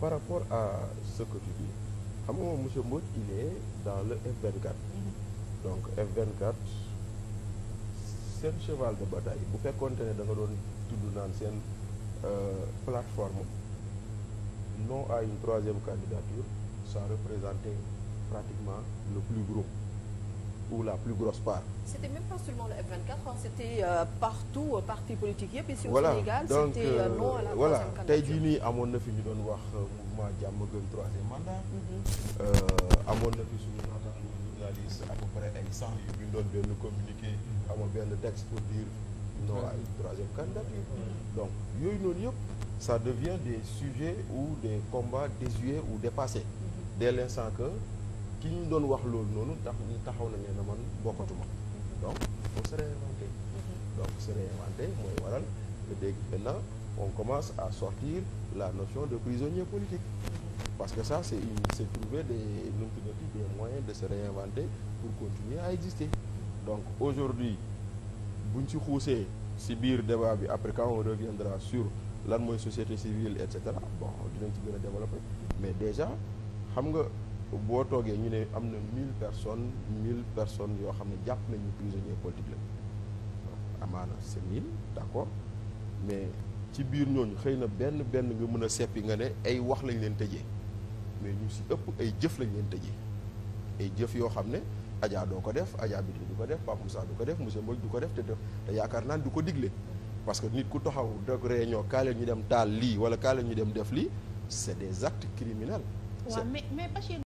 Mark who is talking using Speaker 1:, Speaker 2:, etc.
Speaker 1: par rapport à ce que tu dis xam nga moom monsieur Mbodj il dans le F24. Mm-hmm. donc F24 seen cheval de bataille bu fekkoonte ne da doon tudd naan seen euh, plateforme non à une troisième candidature sa représentait pratiquement le plus gros. ou la plus grosse part. c'était même pas seulement le F24 c'était euh, partout euh, parti politique yëpp ici donc c'était euh, euh, tey jii nii amoon na fi ñu doon wax mouvement jàmm gën troisième mandat. Mhm. amoon na fi suñu naataango journaliste à peu près ay cent yu bindoon benn communiqué mhm. amoon benn texte pour dire non à une troisième candidature. Mhm. donc yooyu noonu yëpp ça devient des sujets ou des combats désuets ou dépassés dès l'instant que. ki ñu doon wax loolu noonu tax taxaw na ne na man bokkatuma donc on se réinventer mm-hmm. donc se réinventer mooy waral dégg maintenant on commence à sortir la notion de prisonnier politique mm-hmm. parce que ça c'est une c'est trouver des nu mu tuddati des moyens de se réinventer pour continuer à exister donc aujourd'hui buñ ci xuusee si biir débat bi après quand on reviendra sur lan mooy société civile et cetera bon dinañ ci gën a développer mais déjà xam nga boo toogee ñu ne am na mille personne mille personnes yoo xam ne jàpp nañu prisonnier politique la amaana c'est mille d'accord mais ci biir ñooñu xëy na benn benn nga mën a seppi nga ne ay wax lañ leen tëjee mais ñu si ëpp ay jëf lañ leen tëjee ay jëf yoo xam ne Adja doo ko def ajaa Bidou du ko def Pape Moussa du ko def monsieur Mbodj du ko def te def te yaakaar naa du ko digle parce que nit ku taxaw dog réunion kaale ñu dem taal lii wala kaale ñu dem def lii c'est des actes criminels